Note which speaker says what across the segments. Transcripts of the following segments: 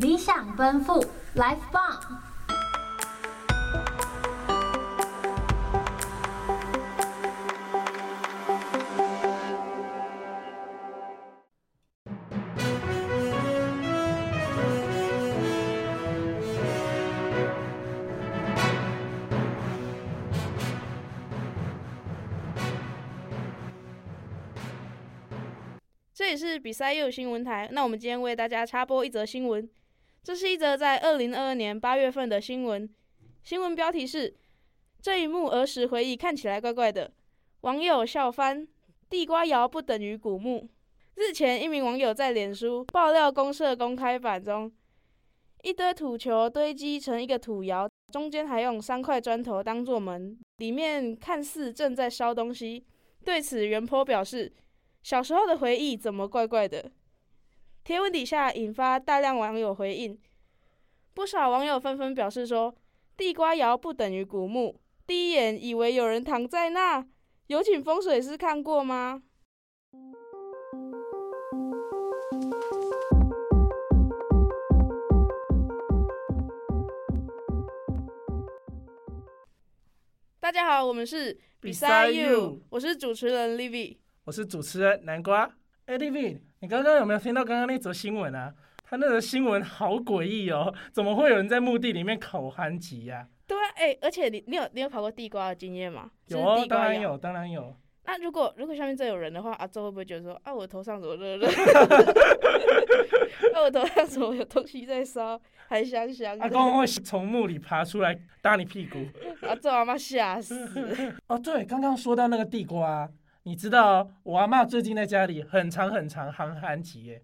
Speaker 1: 理想奔赴，來放。
Speaker 2: 這裡是比賽又新聞台，那我們今天為大家插播一則新聞。這是一則在二零二二年八月份的新聞，新聞標題是：“這一幕兒時回憶看起來怪怪的，網友笑翻。地瓜窯不等於古墓。”日前，一名網友在臉書爆料公社公開版中，一堆土球堆積成一個土窯，中間還用三塊磚頭當做門，裡面看似正在燒東西。對此，原 PO 表示：“小時候的回憶怎麼怪怪的？”帖文底下引發大量網友回應，不少網友紛紛表示說：“地瓜窯不等於古墓，第一眼以為有人躺在那，有請風水師看過嗎？” 大家好，我們是 Beside Beside You，我是主持人 Livy，
Speaker 1: 我是主持人南瓜，Livy。你剛剛有沒有聽到剛剛那則新聞啊？他那則新聞好詭異哦，怎麼會有人在墓地裡面烤番薯呀？
Speaker 2: 對、啊，哎、欸，而且你你有你有跑過地瓜的經驗嗎？有，哦、有，當然有，當然有。那、啊、如果如果下面再有人的話，阿祖會不會覺得說啊，我頭上怎麼熱熱？啊，我頭上怎麼有東西在燒，還香香？阿公會
Speaker 1: 從墓裡爬出來打你屁股，
Speaker 2: 啊、做阿祖阿媽嚇死。
Speaker 1: 哦、啊，對，剛剛說到那個地瓜。你知道、哦、我阿媽最近在家裡很常很常很寒吉耶，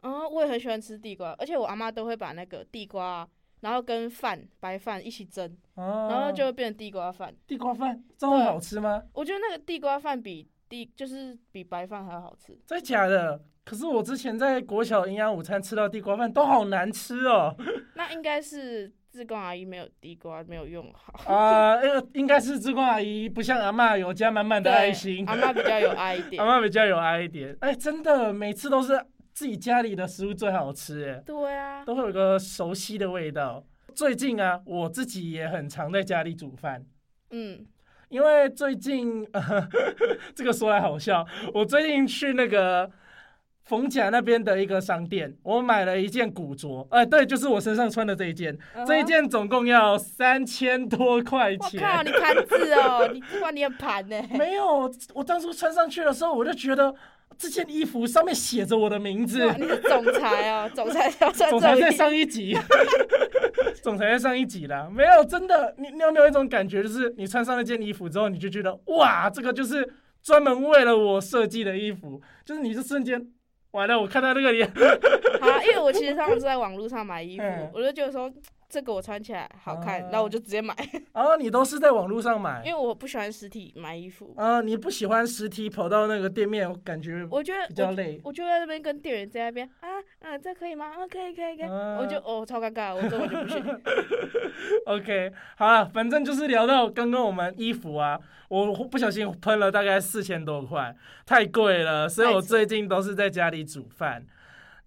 Speaker 2: 啊、嗯，我也很喜歡吃地瓜，而且我阿媽都會把那個地瓜，然後跟飯白飯一起蒸，嗯、然後就會變成地瓜飯。地
Speaker 1: 瓜飯真的好吃嗎？
Speaker 2: 我覺得那個地瓜飯比。地就是比白飯還好吃，真
Speaker 1: 假的？可是我之前在國小營養午餐吃到的地瓜飯都好難吃哦、喔。
Speaker 2: 那應該是志工阿姨沒有地瓜，沒有用
Speaker 1: 好啊。呃，應該是志工阿姨不像阿嬤有加滿滿的愛心，阿嬤比較有愛一點， 阿嬤比較有愛一點。哎，真的，每次都是自己家裡的食物最好吃哎。對啊，都會有個熟悉的味道。最近啊，我自己也很常在家裡煮飯。嗯。因為最近，呃，這個說來好笑，我最近去那個逢甲那邊的一個商店，我買了一件古着，哎、呃、對，就是我身上穿的這一件，uh huh. 這一件總共要三千多塊錢。我看你盤字哦，你
Speaker 2: 管你盤呢？
Speaker 1: 沒有，我當初穿上去的時候，我就覺得。這件衣服上面寫着我的名字。你是總裁哦，總裁要上，總裁在上一級。 總裁在上一級了。沒有，真的，你你有沒有一種感覺，就是你穿上那件衣服之後，你就覺得哇，這個就是專門為了我設計的衣服，就是你這瞬間完了。我看到這個臉，好啊，因為我其實上
Speaker 2: 次在網絡上買衣服， 我就覺得說。這個我穿起來好看，啊、然後我就直接買。
Speaker 1: 啊，你都是在網絡上買？因
Speaker 2: 為我不喜歡實體
Speaker 1: 買衣服。啊，你不喜歡實體，跑到那個店面，我感覺我覺得比較累。我
Speaker 2: 就在那邊跟店員在那邊，啊啊，這可以嗎？啊，可以可以可以。可以啊、我就哦，超尷尬，我最後就不行。
Speaker 1: OK，好了，反正就是聊到剛剛我們衣服啊，我不小心噴了大概四千多塊，太貴了，所以我最近都是在家裡煮飯。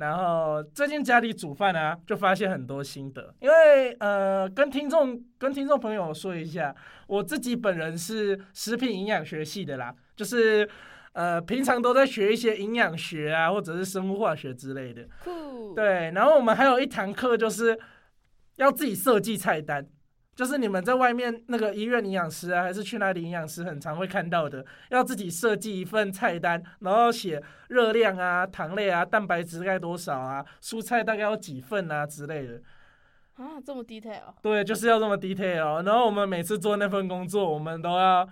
Speaker 1: 然後最近家裡煮飯啊，就發現很多心得。因為呃，跟聽眾跟聽眾朋友說一下，我自己本人是食品營養學系的啦，就是呃，平常都在學一些營養學啊，或者是生物化學之類的。對，然後我們還有一堂課就是要自己設計菜單。就是你們在外面那個醫院營養師啊，還是去哪裡營養師，很常會看到的，要自己設計一份菜單，然後寫熱量啊、糖類啊、蛋白質該多少啊、蔬菜大概要幾份啊之類的。啊，
Speaker 2: 這麼 detail
Speaker 1: 哦？對，就是要這麼 detail 哦。然後我們每次做那份工作，我們都要，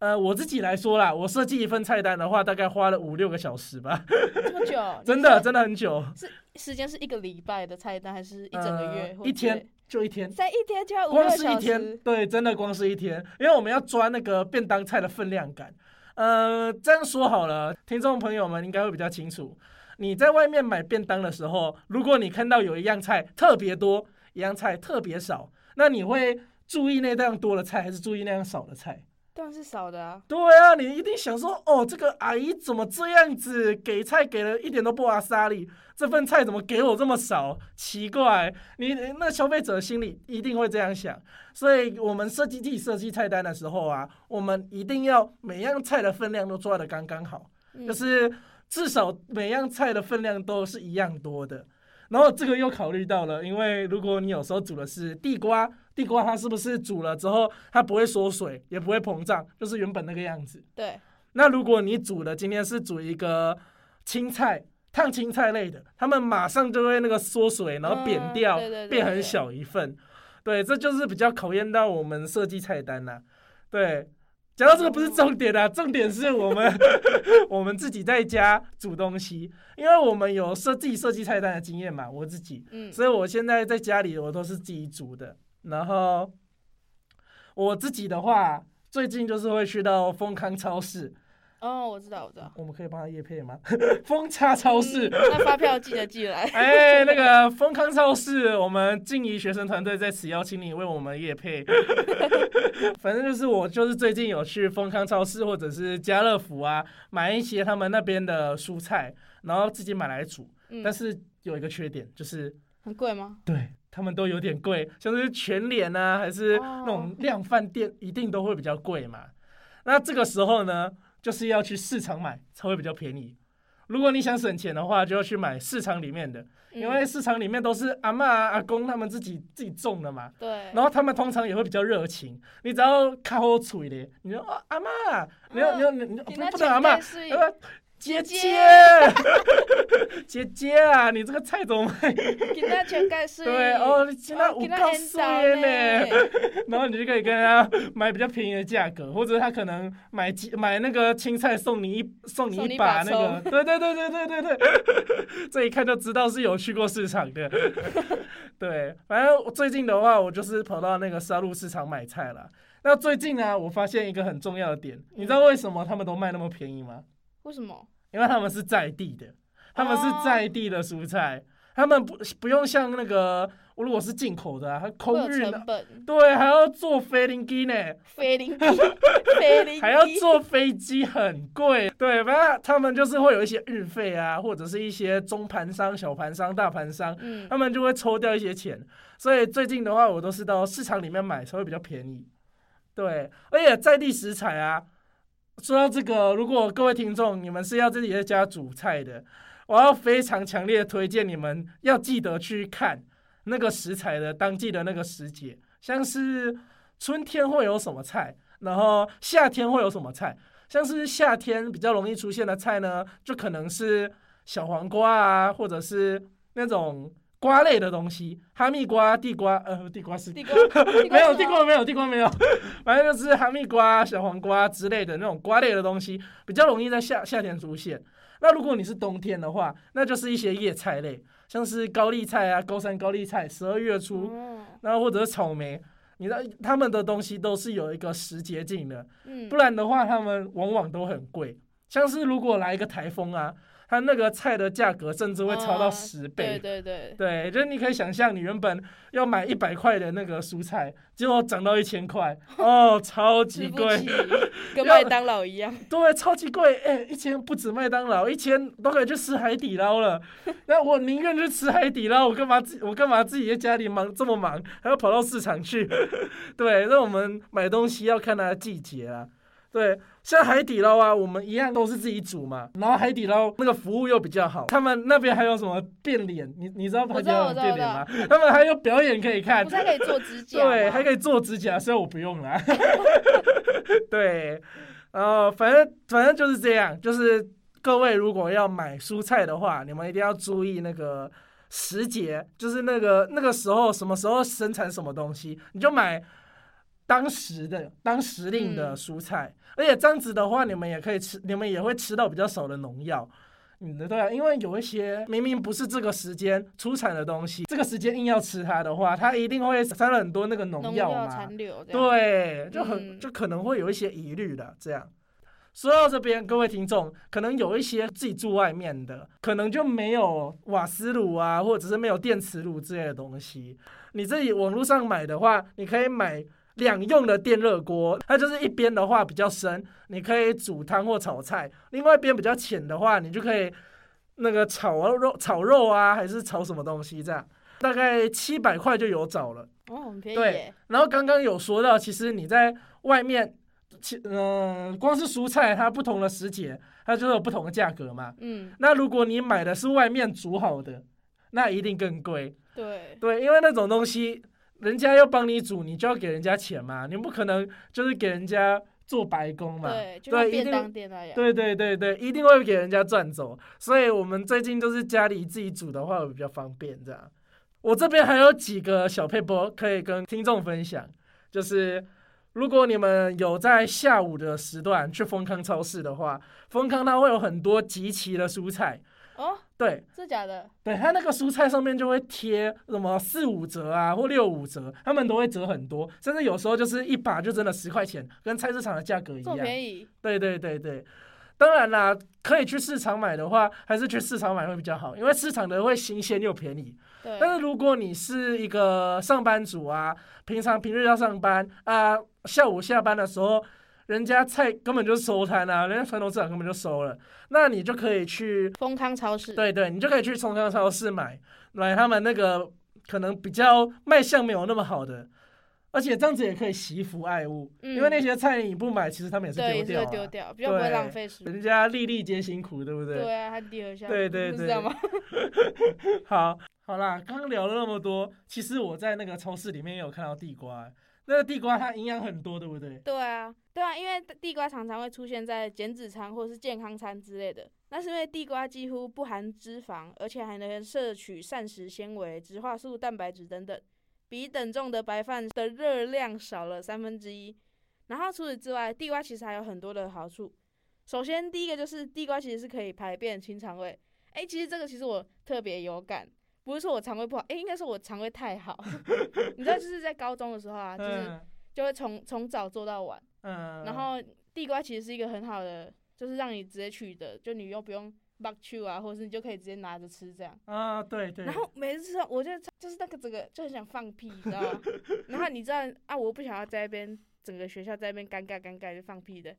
Speaker 1: 呃，我自己來說啦，我設計一份菜單的話，大概花了五六個小時吧。 這麼久？真的，真的很久。是。
Speaker 2: 時間是一個禮拜的菜單，還是一整個月？呃、一天就一天，在一天就要5，光是一天，
Speaker 1: 對，真的光是一天，因為我們要抓那個便當菜的分量感。呃，這樣說好了，聽眾朋友們應該會比較清楚。你在外面買便當的時候，如果你看到有一樣菜特別多，一樣菜特別少，那你會注意那樣多的菜，還是注意那樣少的菜？當然是少的啊！對啊，你一定想說，哦，這個阿姨怎麼這樣子給菜給了一點都不阿、啊、莎力。這份菜怎麼給我這麼少？奇怪！你那消費者心裡一定會這樣想。所以，我們設計自己設計菜單的時候啊，我們一定要每樣菜的分量都做的剛剛好，嗯、就是至少每樣菜的分量都是一樣多的。然後，這個又考慮到了，因為如果你有時候煮的是地瓜。地瓜它是不是煮了之後它不會縮水也不會膨脹，就是原本那個樣子。
Speaker 2: 對。
Speaker 1: 那如果你煮的今天是煮一個青菜、燙青菜類的，他們馬上就會那個縮水，然後扁掉，嗯、對對對對變很小一份。對，這就是比較考驗到我們設計菜單啦、啊。對，講到這個不是重點啦、啊，哦、重點是我們 我們自己在家煮東西，因為我們有設計設計菜單的經驗嘛，我自己，嗯，所以我現在在家裡我都是自己煮的。然後我自己的話，最近就是會去到豐康超市。
Speaker 2: 哦，oh, 我知道，我
Speaker 1: 知道。我們可以幫他業配嗎？豐 差超市，嗯，那發
Speaker 2: 票記得寄來。 哎，那個
Speaker 1: 豐康超市，我們靜宜學生團隊在此邀請你為我們業配。 反正就是我，就是最近有去豐康超市或者是家樂福啊，買一些他們那邊的蔬菜，然後自己買來煮。嗯、但是有一個缺點就是。
Speaker 2: 很貴嗎？對
Speaker 1: 他們都有點貴，像是全聯啊，還是那種量販店，一定都會比較貴嘛。哦、那這個時候呢，就是要去市場買才會比較便宜。如果你想省錢的話，就要去買市場裡面的，嗯、因為市場裡面都是阿媽、啊、阿公他們自己自己種的嘛。對。然後他們通常也會比較熱情，你只要開處一點你說、哦、阿媽，你要你要你不你不等阿媽。姐姐，姐姐，啊、 姐姐啊，你這個菜怎麼賣？全對哦，其他我告訴你呢，然後你就可以跟人家買比較便宜的價格， 或者他可能買買那個青菜送你一送你一把那個，對對對對對對對，這一看就知道是有去過市場的。對，反正我最近的話，我就是跑到那個沙鹿市場買菜了。那最近呢、啊，我發現一個很重要的點，嗯、你知道為什麼他們都賣那麼便宜嗎？
Speaker 2: 為什麼？
Speaker 1: 因為他們是在地的，他們是在地的蔬菜，oh. 他們不不用像那個，我如果是進口的、啊，還空運呢，成
Speaker 2: 本對，還要
Speaker 1: 坐飛林機呢，
Speaker 2: 飛林機，飛林 還要坐
Speaker 1: 飛機，很貴，對吧，反正他們就是會有一些運費啊，或者是一些中盤商、小盤商、大盤商，嗯、他們就會抽掉一些錢，所以最近的話，我都是到市場裡面買才會比較便宜，對，而且在地食材啊。說到這個，如果各位聽眾你們是要自己在家煮菜的，我要非常強烈推薦你們要記得去看那個食材的當季的那個時節，像是春天會有什麼菜，然後夏天會有什麼菜，像是夏天比較容易出現的菜呢，就可能是小黃瓜啊，或者是那種。瓜類的東西，哈密瓜、地瓜，呃，地瓜是地瓜，沒有地瓜，沒有地瓜，沒有，沒有反正就是哈密瓜、小黃瓜之類的那種瓜類的東西，比較容易在夏夏天出現。那如果你是冬天的話，那就是一些葉菜類，像是高麗菜啊、高山高麗菜，十二月初，嗯、然後，或者是草莓，你知道他們的東西都是有一個時節性的，不然的話，他們往往都很貴。像是如果來一個颱風啊。它那個菜的價格甚至會超到十倍，哦、對對對，對就是你可以想象，你原本要買一百塊的那個蔬菜，結果漲到一千塊，哦，超級貴，起起跟麥當勞一樣，對，超級貴，哎、欸，一千不止麥當勞，一千都可以去吃海底撈了。那我寧願去吃海底撈，我幹嘛自我幹嘛自己在家裡忙這麼忙，還要跑到市場去？對，那我們買東西要看它的季節啊。對，像海底撈啊，我們一樣都是自己煮嘛。然後海底撈那個服務又比較好，他們那邊還有什麼變臉？你你知道變變臉嗎？他們還有表演可以看，他 可以做指甲，對，還可以做指甲，所以我不用了。 對，呃，反正反正就是這樣。就是各位如果要買蔬菜的話，你們一定要注意那個時節，就是那個那個時候什麼時候生產什麼東西，你就買。當時的當時令的蔬菜，嗯、而且這樣子的話，你們也可以吃，你們也會吃到比較少的農藥。嗯，對啊，因為有一些明明不是這個時間出產的東西，這個時間硬要吃它的話，它一定會沾了很多那個農藥嘛殘留。對，就很、嗯、就可能會有一些疑慮的這樣。說到這邊，各位聽眾可能有一些自己住外面的，可能就沒有瓦斯爐啊，或者是沒有電磁爐之類的東西。你自己網絡上買的話，你可以買。兩用的電熱鍋，它就是一邊的話比較深，你可以煮湯或炒菜；另外一邊比較淺的話，你就可以那個炒肉、炒肉啊，還是炒什麼東西這樣。大概七百塊就有找了。哦，很
Speaker 2: 便宜。對。
Speaker 1: 然後剛剛有說到，其實你在外面，嗯，光是蔬菜，它不同的時節，它就有不同的價格嘛。嗯。那如果你買的是外面煮好的，那一定更貴。對。對，因為那種東西。人家要幫你煮，你就要給人家錢嘛，你不可能就是給人家做白工嘛。對，對啊、一定，對對對對，一定會給人家賺走。所以我們最近就是家裡自己煮的話會比較方便這樣。我這邊還有幾個小撇步可以跟聽眾分享，就是如果你們有在下午的時段去楓康超市的話，楓康它會有很多即期的蔬菜。對，
Speaker 2: 是假的。
Speaker 1: 對，它那個蔬菜上面就會貼什麼四五折啊，或六五折，他們都會折很多，甚至有時候就是一把就真的十塊錢，跟菜市場的價格一樣。這麼便宜？對對對對，當然啦，可以去市場買的話，還是去市場買會比較好，因為市場的會新鮮又便宜。對但是如果你是一個上班族啊，平常平日要上班啊，下午下班的時候。人家菜根本就收攤啊，人家傳統市場根本就收了，那你就可以去楓康超市。對對，你就可以去楓康超市買買他們那個可能比較賣相沒有那麼好的，而且這樣子也可以惜福愛物，嗯、因為那些菜你不買，其實他們也是丟掉、啊，對丟掉，比較不會浪費時間。人家粒粒皆辛苦，對不對？對啊，他丟
Speaker 2: 掉，對對對，你知道嗎？
Speaker 1: 好好啦，剛剛聊了那麼多，其實我在那個超市裡面也有看到地瓜，那個地瓜它營養很多，對不對？
Speaker 2: 對啊。對啊，因為地瓜常常會出現在減脂餐或是健康餐之類的。那是因為地瓜幾乎不含脂肪，而且還能攝取膳食纖維、植化素、蛋白質等等，比等重的白飯的熱量少了三分之一。然後除此之外，地瓜其實還有很多的好處。首先第一個就是地瓜其實是可以排便清腸胃。哎，其實這個其實我特別有感，不是說我腸胃不好，哎，應該是我腸胃太好。 你知道就是在高中的時候啊，就是。就會從從早做到晚，嗯，然後地瓜其實是一個很好的，就是讓你直接取的，就你又不用剝去啊，或者是你就可以直接拿着吃這樣。
Speaker 1: 啊、哦，對對。然
Speaker 2: 後每次吃，我就就是那個整個就很想放屁，你知道嗎？ 然後你知道啊，我不想要在那邊整個學校在那邊尷尬尷尬就放屁的，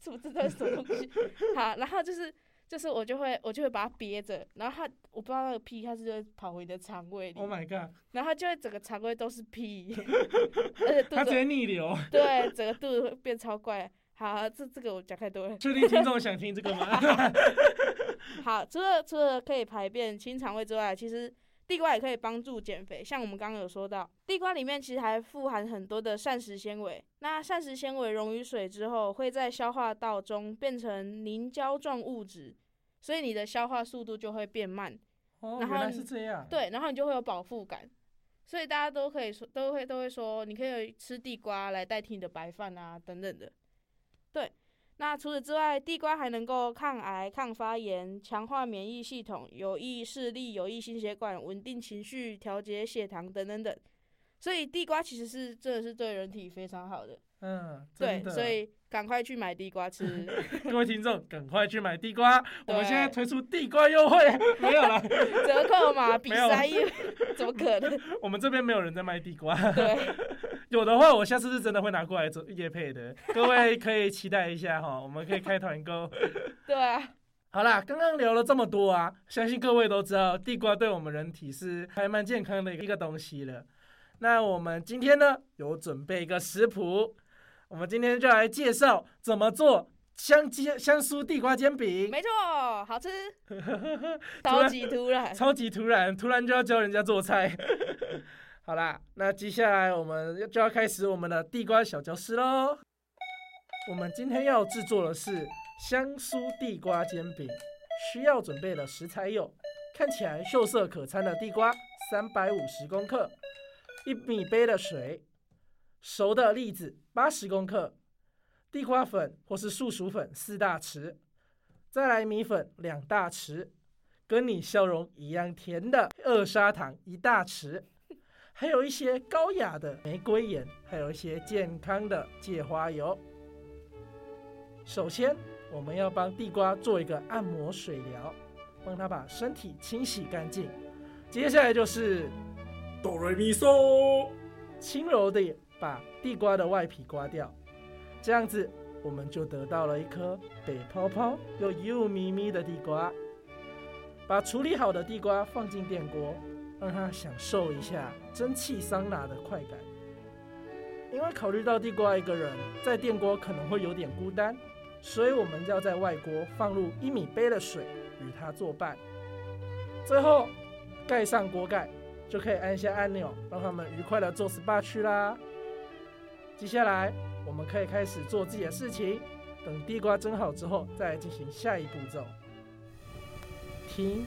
Speaker 2: 怎麼知道什麼東西。好，然後就是。就是我就會我就會把它憋着，然後它我不知道那個屁它是就會跑回你的腸胃裡，Oh my god！然後它就會整個腸胃都是屁，
Speaker 1: 而且肚子它直接逆流，對，
Speaker 2: 整個肚子會變超怪。好，這這個我講太多了。確定
Speaker 1: 聽眾想聽這個嗎？
Speaker 2: 好，除了除了可以排便清腸胃之外，其實地瓜也可以幫助減肥。像我們剛剛有說到，地瓜裡面其實還富含很多的膳食纖維。那膳食纖維溶於水之後，會在消化道中變成凝膠狀物質。所以你的消化速度就會變慢，哦，然後你，原來是這樣。對，然後你就會有飽腹感，所以大家都可以說，都會都會說，你可以吃地瓜來代替你的白飯啊，等等的。對，那除此之外，地瓜還能夠抗癌、抗發炎、強化免疫系統、有益視力、有益心血管、穩定情緒、調節血糖等等等。所以地瓜其實是真的是對人體非常好
Speaker 1: 的，嗯，對，所以
Speaker 2: 趕快去買地瓜吃。
Speaker 1: 各位聽眾，趕快去買地瓜！ 我們現在推出地瓜優惠， 沒有啦， 折扣嘛， 比賽也 怎麼可能？ 我們這邊沒有人在賣地瓜， 對，有的話我下次是真的會拿過來做業配的， 各位可以期待一下哈， 我們可以開團購。 對啊，好啦，剛剛聊了這麼多啊，相信各位都知道，地瓜對我們人體是還蠻健康的一個東西了。那我們今天呢，有準備一個食譜，我們今天就來介紹怎麼做香煎香酥地瓜煎餅。沒錯，好吃， 突然超級
Speaker 2: 突然，超
Speaker 1: 級突然，突然就要教人家做菜。 好啦，那接下來我們就要開始我們的地瓜小教室嘍。我們今天要製作的是香酥地瓜煎餅，需要準備的食材有看起來秀色可餐的地瓜三百五十公克，一米杯的水，熟的栗子八十公克，地瓜粉或是樹薯粉四大匙，再來米粉兩大匙，跟你笑容一樣甜的二砂糖一大匙，還有一些高雅的玫瑰鹽，還有一些健康的芥花油。首先，我們要幫地瓜做一個按摩水療，幫它把身體清洗乾淨。接下來就是。哆瑞咪嗦，輕柔地把地瓜的外皮刮掉，這樣子我們就得到了一顆白泡泡又油咪咪的地瓜。把處理好的地瓜放進電鍋，讓它享受一下蒸汽桑拿的快感。因為考慮到地瓜一個人在電鍋可能會有點孤單，所以我們要在外鍋放入一米杯的水與它作伴。最後蓋上鍋蓋。就可以按一下按鈕，讓他們愉快的做 SPA 去啦。接下來，我們可以開始做自己的事情。等地瓜蒸好之後，再進行下一步驟。停，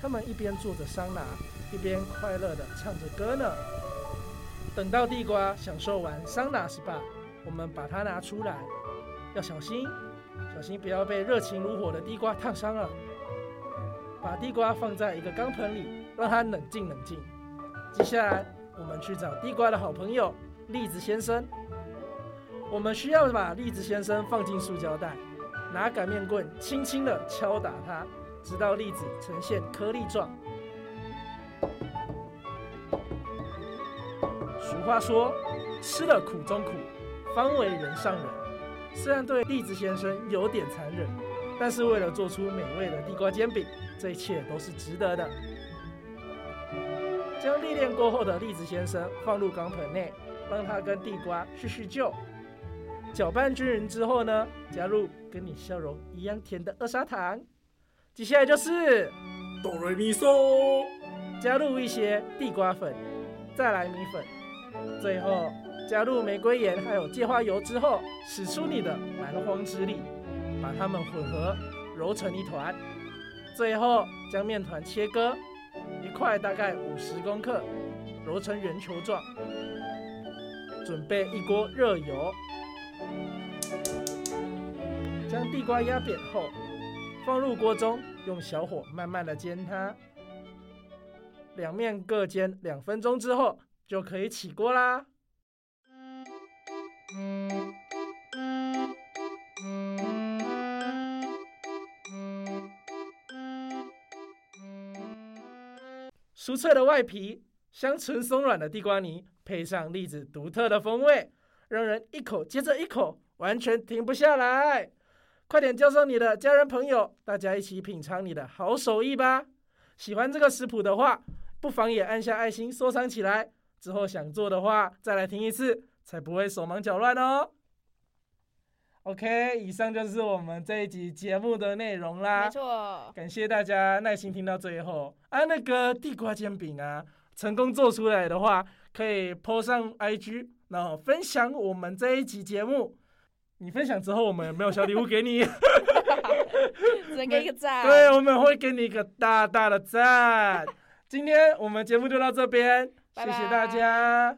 Speaker 1: 他們一邊做着桑拿，一邊快樂的唱着歌呢。等到地瓜享受完桑拿 SPA，我們把它拿出來，要小心，小心不要被熱情如火的地瓜燙傷了。把地瓜放在一個鋼盆裡，讓它冷靜冷靜。接下來，我們去找地瓜的好朋友栗子先生。我們需要把栗子先生放進塑膠袋，拿擀麵棍輕輕地敲打它，直到栗子呈現顆粒狀。俗話說，吃了苦中苦，方為人上人。雖然對栗子先生有點殘忍，但是為了做出美味的地瓜煎餅，這一切都是值得的。將歷練過後的栗子先生放入鋼盆內，讓他跟地瓜敘敘舊。攪拌均勻之後呢，加入跟你笑容一樣甜的二砂糖。接下來就是哆瑞咪嗦，加入一些地瓜粉，再來米粉，最後加入玫瑰鹽還有芥花油之後，使出你的蠻荒之力，把它們混合揉成一團。最後將麵糰切割。一塊大概五十公克，揉成圓球狀。準備一鍋熱油，將地瓜壓扁後放入鍋中，用小火慢慢的煎它，兩面各煎兩分鐘之後就可以起鍋啦、嗯。酥脆的外皮，香醇鬆軟的地瓜泥，配上栗子獨特的風味，讓人一口接着一口，完全停不下來。快點叫上你的家人朋友，大家一起品嘗你的好手藝吧！喜歡這個食譜的話，不妨也按下愛心收藏起來，之後想做的話再來聽一次，才不會手忙腳亂哦。OK，以上就是我們這一集節目的內容啦。沒錯錯，感謝大家耐心聽到最後。啊，那個地瓜煎餅啊，成功做出來的話，可以 po 上 IG，然後分享我們這一集節目。你分享之後，我們有沒有小禮物給你？
Speaker 2: 只能給一個贊。對，我們會
Speaker 1: 給你一個大大的贊。 今天我們節目就到這邊， 謝謝大家。